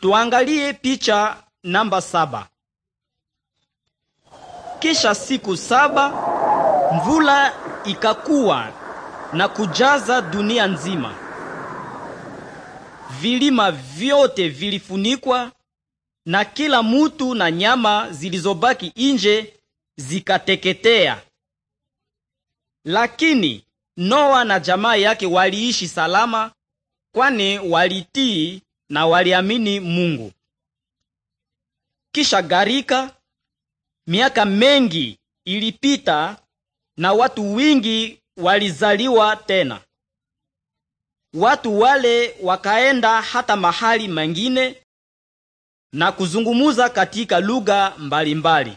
Tuangalie picha namba saba. Kisha siku saba mvula ikakuwa na kujaza dunia nzima. Vilima vyote vilifunikwa na kila mutu na nyama zilizobaki nje zikateketea. Lakini Noa na jamaa yake waliishi salama, kwani walitii na waliamini Mungu. Kisha gharika, miaka mengi ilipita na watu wingi walizaliwa tena. Watu wale wakaenda hata mahali mengine na kuzungumuza katika lugha mbalimbali.